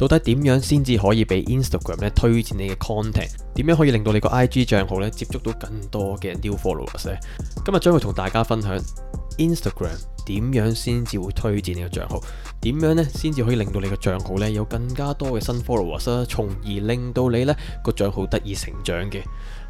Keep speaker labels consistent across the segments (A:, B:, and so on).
A: 到底點樣先至可以俾 Instagram 咧推薦你嘅 content？點樣可以令到你個 IG 賬號咧接觸到更多嘅 new followers 咧？今日將會同大家分享 Instagram 點樣先至會推薦你個賬號。點樣咧，先至可以令到你個賬號咧有更加多嘅新 followers 啊，從而令到你咧個賬號得以成長嘅。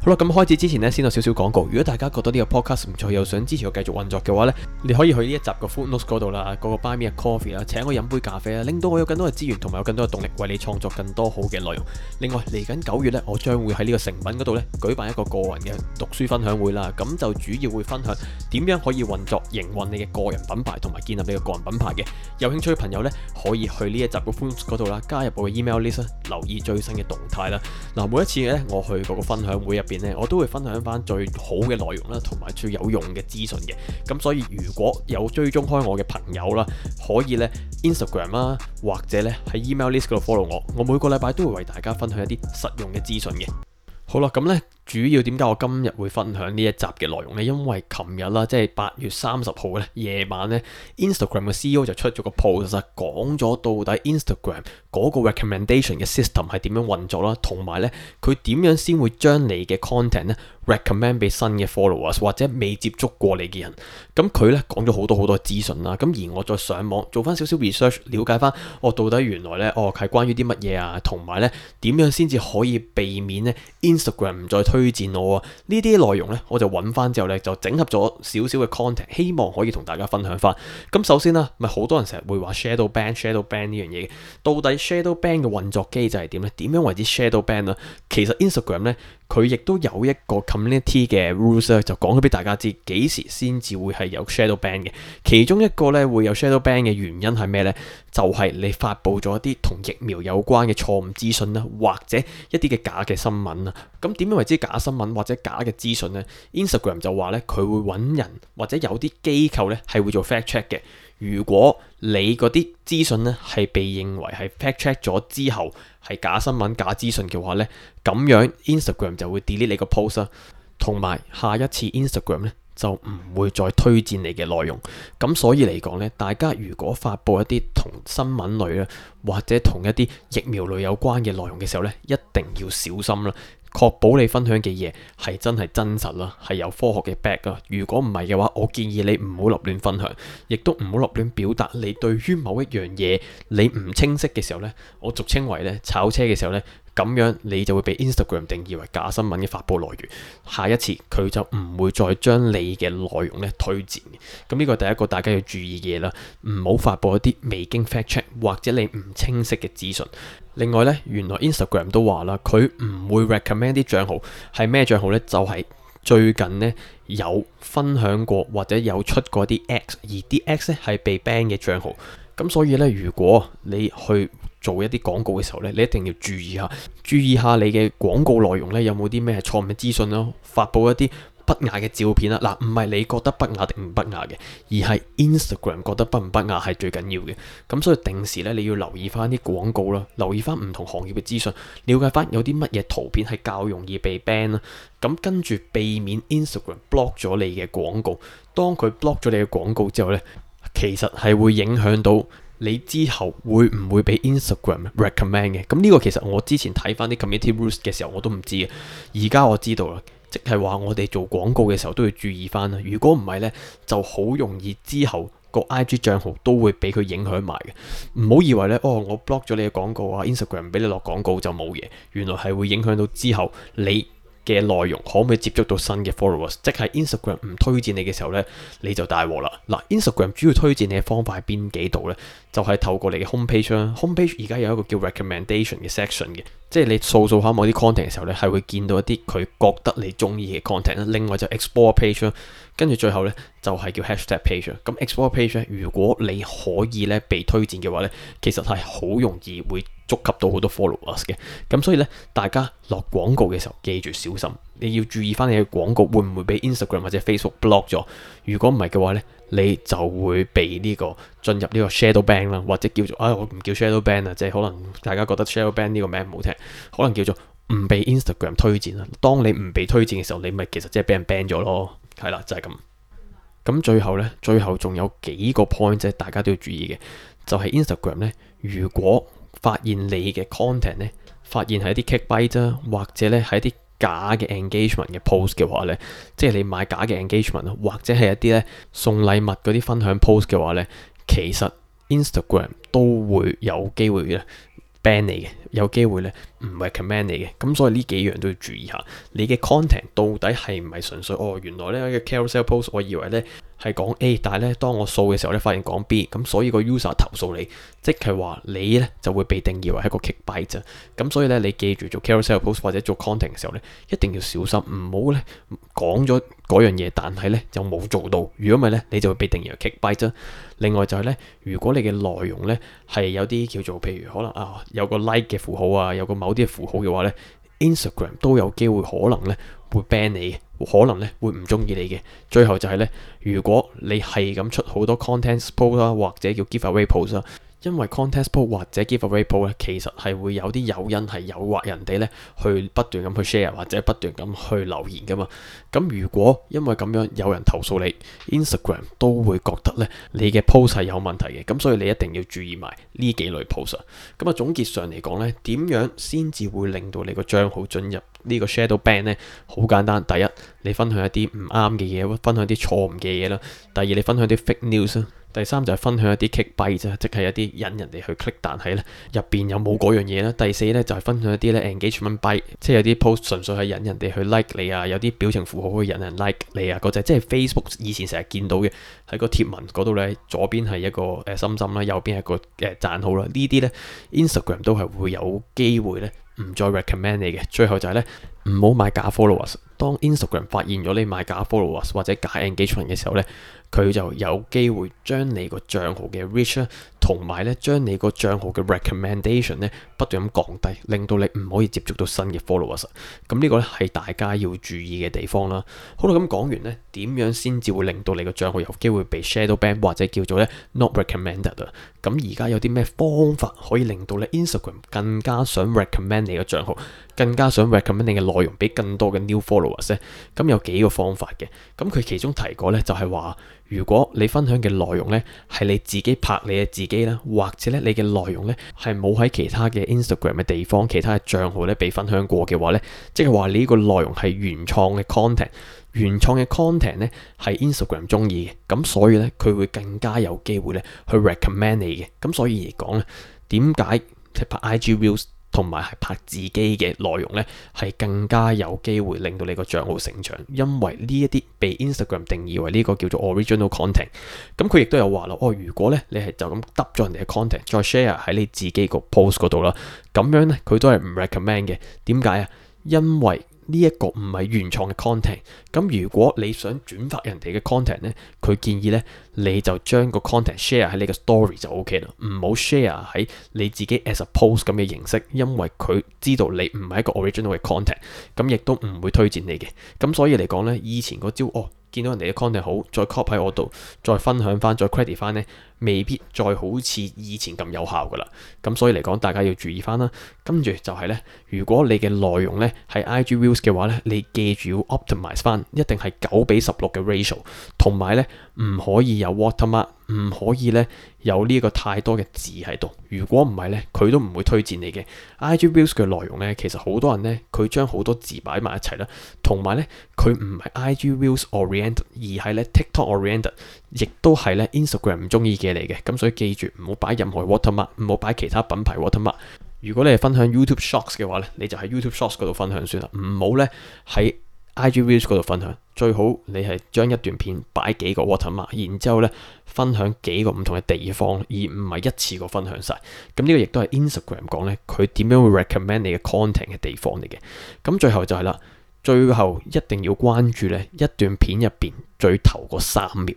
A: 好啦，咁開始之前咧，先有少少廣告。如果大家覺得呢個 podcast 唔錯，又想支持我繼續運作嘅話咧，你可以去呢一集嘅 footnotes 嗰度啦，嗰個 buy me a coffee 啊，請我飲杯咖啡啊，令到我有更多嘅資源同埋有更多嘅動力為你創作更多好嘅內容。另外，嚟緊九月呢，我將會喺呢個成品嗰度呢舉辦一個個人嘅讀書分享會啦，咁就主要會分享點樣可以運作營運你嘅個人品牌同埋建立你嘅個人品牌嘅。有興趣朋友咧可以去呢一集嗰 page 嗰度啦，加入我嘅 email list 啦，留意最新嘅動態啦。嗱，每一次咧我去嗰個分享會入邊咧，我都會分享翻最好嘅內容啦，同埋最有用嘅資訊嘅。咁所以如果有追蹤開我嘅朋友啦，可以咧 Instagram 啦、啊，或者咧喺 email list 嗰度 follow 我，我每個禮拜都會為大家分享一啲實用嘅資訊嘅。好啦，咁咧。主要點解我今日會分享呢一集嘅內容呢？因為琴日啦，即係八月三十號咧夜晚咧，Instagram 嘅 CEO 就出咗個 post，講咗到底 Instagram 嗰個 recommendation 嘅 system 係點樣運作啦，同埋咧佢點樣先會將你嘅 content 咧 recommend 俾新嘅 followers 或者未接觸過你嘅人。咁佢咧講咗好多好多資訊啦。咁而我再上網做翻少少 research，了解翻哦，到底原來咧哦係關於啲乜嘢啊？同埋咧點樣先至可以避免咧 Instagram 唔再。推薦我喎呢啲內容呢，我就揾翻之後呢，就整合咗少少嘅 content，希望可以同大家分享翻。咁首先啦，咪好多人成日會話 shadowban，shadowban 呢樣嘢，到底 shadowban 嘅運作機制係點呢？點樣為之 shadowban 呢？其實 Instagram 呢。佢亦都有一個 community 嘅 rules 就講咗俾大家知幾時先至會係有 shadow ban 嘅。其中一個咧會有 shadow ban 嘅原因係咩咧？就係你發布咗一啲同疫苗有關嘅錯誤資訊啦，或者一啲嘅假嘅新聞啦。咁點樣為之假新聞或者假嘅資訊咧？Instagram 就話咧，佢會揾人或者有啲機構咧係會做 fact check 嘅。如果你嗰啲資訊呢，係被認為係 fact check 咗之後係假新聞、假資訊嘅話呢，咁樣 Instagram 就會 delete 你個 post 啊，同埋下一次 Instagram 呢就唔會再推薦你嘅內容。咁所以嚟講呢，大家如果發布一啲同新聞類啊，或者同一啲疫苗類有關嘅內容嘅時候呢，一定要小心啦。確保你分享嘅嘢係真係真實啦，係有科學嘅 back 啊！如果唔係嘅話，我建議你唔好立亂分享，亦都唔好立亂表達。你對於某一樣嘢你唔清晰嘅時候呢。我俗稱為呢炒車嘅時候呢。咁樣你就會被 Instagram 定義為假新聞嘅發佈來源，下一次佢就唔會再將你嘅內容咧推薦嘅。咁呢個第一個大家要注意嘅嘢啦，唔好發佈一啲未經 fact check 或者你唔清晰嘅資訊。另外呢，原來 Instagram 都話啦，佢唔會 recommend 啲帳號係咩帳號呢？就係最近呢有分享過或者有出過啲 X，而啲 X 咧係被 ban 嘅帳號。咁所以呢，如果你去做一啲廣告嘅時候呢，你一定要注意下，注意下你嘅廣告內容呢，有冇啲咩錯誤嘅資訊咯，發布一啲不雅嘅照片啊嗱，唔係你覺得不雅定唔不雅嘅，而係 Instagram 覺得不唔不雅係最緊要嘅。咁所以定時呢，你要留意翻啲廣告啦，留意翻唔同行業嘅資訊，了解翻有啲乜嘢圖片係較容易被 ban 啦。咁跟住避免 Instagram block 咗你嘅廣告，當佢 block 咗你嘅廣告之後呢，其實係會影響到。你之後會唔會俾 Instagram recommend 嘅？咁呢個其實我之前睇翻啲 Community Rules 嘅時候我都唔知嘅，而家我知道啦，即係話我哋做廣告嘅時候都要注意翻啦。如果唔係呢，就好容易之後個 IG 帳號都會俾佢影響埋嘅。唔好以為呢，哦，我 block 咗你嘅廣告啊，Instagram 俾你落廣告就冇嘢，原來係會影響到之後你嘅內容可唔可以接觸到新嘅 followers？即係 Instagram 唔推薦你嘅時候呢，你就大鑊啦！嗱，Instagram 主要推薦你嘅方法係邊幾度呢？就係、是、透過你嘅 home page 啦、啊、home page 而家有一個叫 recommendation 嘅 section 嘅，即係你掃掃下某啲 content 嘅時候呢，係會見到一啲佢覺得你中意嘅 content 啦、啊。另外就 explore page 啦、啊，跟住最後呢，就係、是、叫 hashtag page 咁、啊、explore page 呢，如果你可以呢，被推薦嘅話呢，其實係好容易會。觸及到好多 followers 嘅，咁所以咧，大家落廣告嘅時候記住小心，你要注意翻你嘅廣告會唔會俾 Instagram 或者 Facebook block 咗？如果唔係嘅話咧，你就會被呢、這個進入呢個 shadow ban 啦，或者叫做唉、哎，我唔叫 shadow ban 啊，即係可能大家覺得 shadow ban 呢個名唔好聽，可能叫做唔被 Instagram 推薦啦。當你唔被推薦嘅時候，你咪其實即係俾人 ban 咗咯，係啦，就係、是、咁。咁最後咧，最後仲有幾個 point 即係大家都要注意嘅，就係、是、Instagram 咧，如果發現你嘅 content 咧，發現係一啲 clickbait 啫，或者咧係一啲假嘅 engagement 嘅 post 嘅話咧，即係你買假嘅 engagement 啊，或者係一啲咧送禮物嗰啲分享 post 嘅話咧，其實 Instagram 都會有機會嘅 ban 你嘅，有機會咧唔 recommend 你嘅，咁所以呢幾樣都要注意下，你嘅 content 到底係唔係純粹哦？原來咧一個 carousel post，我以為咧。係講 A，但係咧，當我數嘅時候咧，發現講 B，咁所以個 user 投訴你，即係話你咧就會被定義為係一個 clickbait 啫。咁所以咧，你記住做 carousel post 或者做 content 嘅時候咧，一定要小心要呢，唔好咧講咗嗰樣嘢，但係咧就冇做到。如果唔係咧，你就會被定義為 clickbait 啫。另外就係咧，如果你嘅內容咧係有啲叫做譬如可能啊有個 like 嘅符號啊，有個某啲嘅符號嘅話咧，Instagram 都有機會可能咧。會 ban 你，可能咧會唔中意你嘅。最後就係咧，如果你係咁出好多 content post 啦，或者叫 giveaway post 啦。因為 contest post 或者 giveaway post 咧，其實係會有啲誘因係誘惑人哋咧，去不斷咁去 share 或者不斷咁去留言噶嘛。咁如果因為咁樣有人投訴你，Instagram 都會覺得咧你嘅 post 係有問題嘅。咁所以你一定要注意埋呢幾類 post。咁啊總結上嚟講咧，點樣先至會令到你個帳號進入呢個 shadowban 咧？好簡單，第一你分享一啲唔啱嘅嘢，分享啲錯誤嘅嘢啦；第二你分享啲 fake news。第三就係分享一啲 clickbait 啫，即係一啲引人哋去 click，但係咧入邊有冇嗰樣嘢啦。第四咧就係分享一啲咧 engagement bait，即係有啲 post 純粹係引人哋去 like 你啊，有啲表情符號可以引人 like 你啊嗰隻，即係 Facebook 以前成日見到嘅喺個貼文嗰度咧，左邊係一個誒心心啦，右邊係個誒讚、呃、好啦，呢啲咧 Instagram 都係會有機會咧。唔再 recommend 你嘅。最後就係咧唔好買假 followers。當 Instagram 發現咗你買假 followers 或者假 N 幾群嘅時候咧，佢就有機會將你個賬號嘅 reach 同埋咧將你個賬號嘅 recommendation 咧不斷咁降低，令到你唔可以接觸到新嘅 followers。咁呢個咧係大家要注意嘅地方啦。好啦，咁講完咧點樣先至會令到你個賬號有機會被 shaded ban k 或者叫做咧 not recommended 啊？咁而家有啲咩方法可以令到咧 Instagram 更加想 recommend？你嘅帳號更加想 recommend 你嘅內容俾更多嘅 new followers 咧？咁有幾個方法嘅。咁佢其中提過呢，就係話如果你分享嘅內容呢係你自己拍你嘅自己啦，或者咧你嘅內容呢係冇喺其他嘅 Instagram 嘅地方、其他嘅帳號呢被分享過嘅話呢，即係話你呢個內容係原創嘅 content，原創嘅 content 呢係 Instagram 中意嘅，咁所以呢，佢會更加有機會呢去 recommend 你嘅。咁所以嚟講呢，點解拍 IG views？同埋係拍自己嘅內容呢，係更加有機會令到你個賬號成長，因為呢一啲被 Instagram 定義為呢個叫做 original content。咁佢亦都有話啦，哦，如果呢，你係就咁 dup 咗人哋嘅 content 再 share 喺你自己個 post 嗰度啦，咁樣呢，佢都係唔 recommend 嘅。點解啊？因為呢一個唔係原創嘅 content，咁如果你想轉發人哋嘅 content 咧，佢建議咧，你就將個 content share 喺你嘅 story 就 OK 啦，唔好 share 喺你自己 as a post 咁嘅形式，因為佢知道你唔係一個 original 嘅 content，咁亦都唔會推薦你嘅。咁所以嚟講咧，以前嗰招哦，見到人哋嘅 content 好，再 copy 喺我度，再分享翻，再 credit 翻咧。未必再好似以前咁有效噶啦，咁所以嚟講，大家要注意翻啦。跟住就係咧，如果你嘅內容咧係 IG views 嘅話咧，你記住要 optimize 翻，一定係九比十六嘅 ratio，同埋咧唔可以有 watermark，唔可以咧有呢個太多嘅字喺度。如果唔係咧，佢都唔會推薦你嘅。IG views 嘅內容咧，其實好多人咧，佢將好多字擺埋一齊啦，同埋咧佢唔係 IG views oriented 而係咧 TikTok oriented，亦都係咧 Instagram 唔中意嘅。嚟嘅咁，所以記住唔好擺任何 watermark，唔好擺其他品牌 watermark。如果你係分享 YouTube Shorts 嘅話咧，你就喺 YouTube Shorts 嗰度分享算啦，唔好咧喺 IG Views 嗰度分享。最好你係將一段片擺幾個 watermark，然之後咧分享幾個唔同嘅地方，而唔係一次過分享晒。咁呢個亦都係 Instagram 講咧，佢點樣會 recommend 你嘅 content 嘅地方嚟嘅。咁最後就係啦。最後一定要關注呢一段片入邊最頭嗰三秒，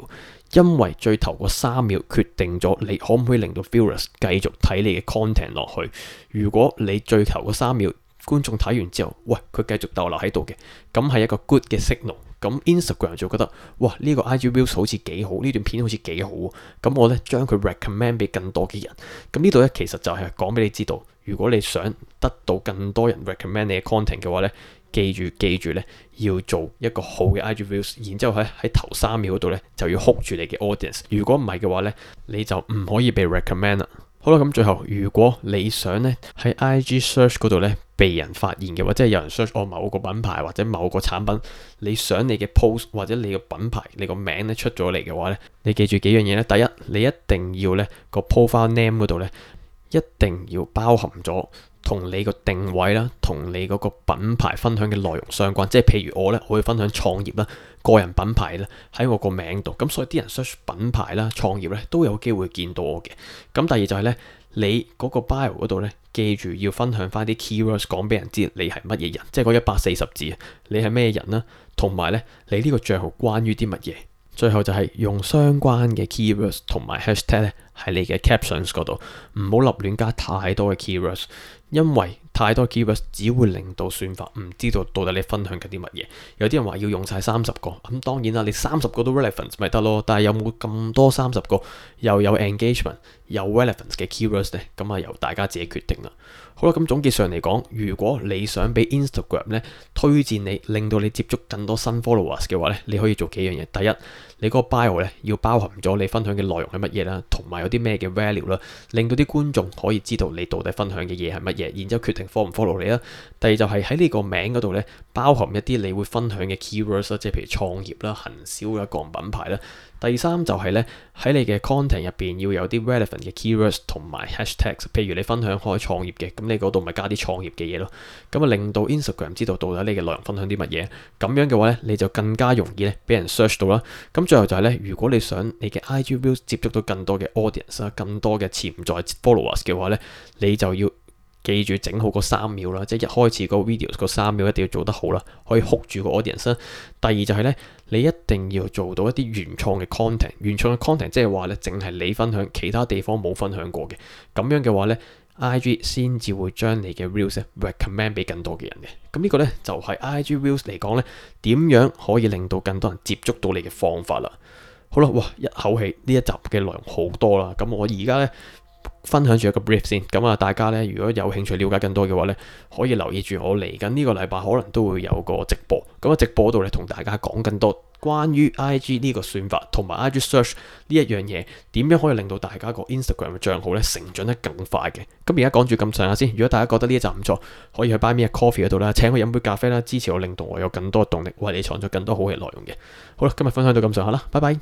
A: 因為最頭嗰三秒決定咗你可唔可以令到 viewers 繼續睇你嘅 content 落去。如果你最頭嗰三秒觀眾睇完之後，喂佢繼續逗留喺度嘅，咁係一個 good 嘅 signal。咁、嗯、Instagram 就覺得哇呢、這個 IG views 好似幾好，呢段片好似幾好。咁、嗯、我呢將佢 recommend 俾更多嘅人。咁呢度呢，其實就係講俾你知道，如果你想得到更多人 recommend 你嘅 content 嘅話呢。記住記住咧，要做一個好嘅 IG views，然之後喺喺頭三秒嗰度咧就要 hold 住你嘅 audience。如果唔係嘅話咧，你就唔可以被 recommend 啦。好啦，咁最後，如果你想咧喺 IG search 嗰度咧被人發現嘅話，即係有人 search 我、哦、某個品牌或者某個產品，你想你嘅 post 或者你嘅品牌、你個名咧出咗嚟嘅話咧，你記住幾樣嘢咧。第一，你一定要咧、呢個 profile name 嗰度咧。一定要包含咗同你個定位啦，同你嗰個品牌分享嘅內容相關。即係譬如我咧，可以分享創業啦、個人品牌啦、喺我個名度。咁所以啲人 search 品牌啦、創業咧都有機會見到我嘅。咁第二就係咧，你嗰個 bio 嗰度咧，記住要分享翻啲 keywords，講俾人知你係乜嘢人。即係嗰一百四十字啊，你係咩人啦？同埋咧，你呢個賬號關於啲乜嘢？最後就係用相關嘅 keywords 同埋 hashtag 咧，喺你嘅 captions 嗰度，唔好立亂加太多嘅 keywords，因為太多 keywords 只會令到算法唔知道到底你分享緊啲乜嘢。有啲人話要用晒三十個，咁當然啦，你三十個都 relevant 咪得咯，但係有冇咁多三十個？又有 engagement？有 relevance 嘅 keywords 咧，咁啊由大家自己決定啦。好啦，咁總結上嚟講，如果你想俾 Instagram 咧推薦你，令到你接觸更多新 followers 嘅話咧，你可以做幾樣嘢。第一，你嗰個 bio 咧要包含咗你分享嘅內容係乜嘢啦，同埋有啲咩嘅 value 啦，令到啲觀眾可以知道你到底分享嘅嘢係乜嘢，然之後決定 follow 唔 follow 你啦。第二就係喺呢個名嗰度咧，包含一啲你會分享嘅 keywords 即係譬如創業啦、行銷啦、個人品牌啦。第三就係咧，喺你嘅 content 入邊要有啲 relevant 嘅 keywords 同埋 hashtags。譬如你分享開創業嘅，咁你嗰度咪加啲創業嘅嘢咯。咁啊，令到 Instagram 知道到底你嘅內容分享啲乜嘢。咁樣嘅話咧，你就更加容易咧俾人 search 到啦。咁最後就係咧，如果你想你嘅 IG views 接觸到更多嘅 audience 啊，更多嘅潛在 followers 嘅話咧，你就要記住整好個三秒啦，即係一開始個 video 個三秒一定要做得好啦，可以 hold 住個 audience 啦。第二就係咧。你一定要做到一啲原創嘅 content，原創嘅 content 即係話咧，淨係你分享，其他地方冇分享過嘅，咁樣嘅話咧，IG 先至會將你嘅 reels 咧 recommend 俾更多嘅人嘅。咁呢個咧就係、是、IG reels 嚟講咧，點樣可以令到更多人接觸到你嘅方法啦。好啦，哇，一口氣呢一集嘅內容好多啦，咁我而家咧，分享住一個 brief 先，咁啊大家咧如果有興趣了解更多嘅話咧，可以留意住我嚟緊呢個禮拜可能都會有個直播，咁啊直播度咧同大家講更多關於 IG 呢個算法同埋 IG search 呢一樣嘢，點樣可以令到大家個 Instagram 嘅帳號咧成長得更快嘅？咁而家講住咁上下先，如果大家覺得呢一集唔錯，可以去 Buy Me A Coffee 嗰度啦，請佢飲杯咖啡啦，支持我，令到我有更多動力為你創作更多好嘅內容嘅。好啦，今日分享到咁上下啦，拜拜。